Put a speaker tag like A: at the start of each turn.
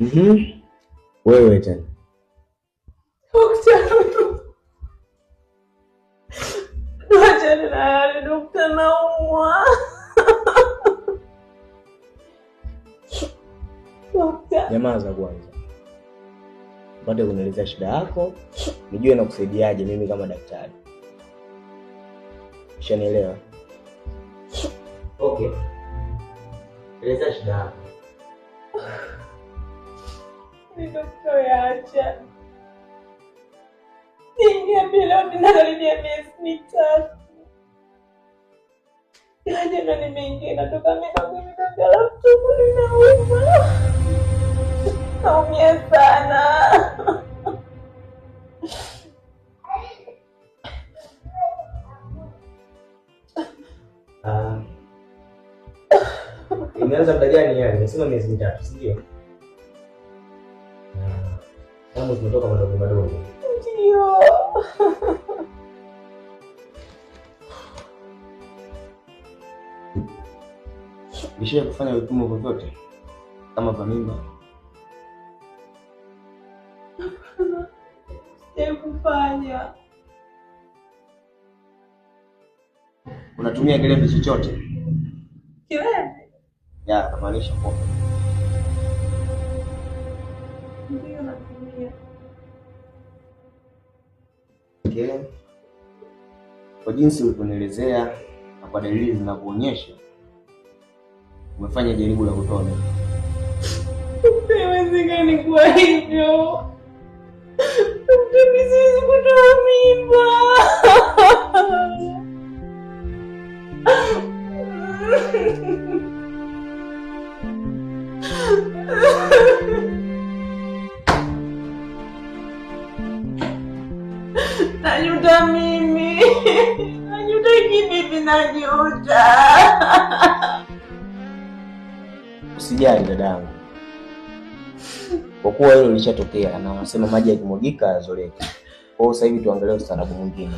A: Mm -hmm. Wewe tena jamaa za kwanza upate kunielezea shida yako, nijue nakusaidiaje mimi kama daktari. Ushanielewa? Okay, eleza shida yako
B: nilokitoyacha niingie leo, ninakaribia miezi mitatu, ila jana nimeingia natoka midogo midogo, alafu tumbo linauma, naumia sana
A: ah, imeanza muda gani? Yani nasema miezi mitatu, sindio? zangu zimetoka madogo madogo. Ndio. Nishia kufanya vipimo vyovyote kama vya mimba?
B: Hapana, sikufanya.
A: Unatumia kilevi chochote?
B: Kilevi?
A: Ya, namaanisha pombe
B: ndio natumia.
A: Okay. Kwa jinsi ulivyonielezea na kwa dalili zinavyoonyesha umefanya jaribu la kutona.
B: Haiwezekani kuwa hivyo. Siwezi kutoa mimba. Najuta mimi, najuta kivipi? Najuta.
A: Usijali dadangu, kwa kuwa hilo lishatokea, na sema maji yakimwagika yazoleka. Kwa hiyo sasa hivi tuangalie ustaarabu mwingine.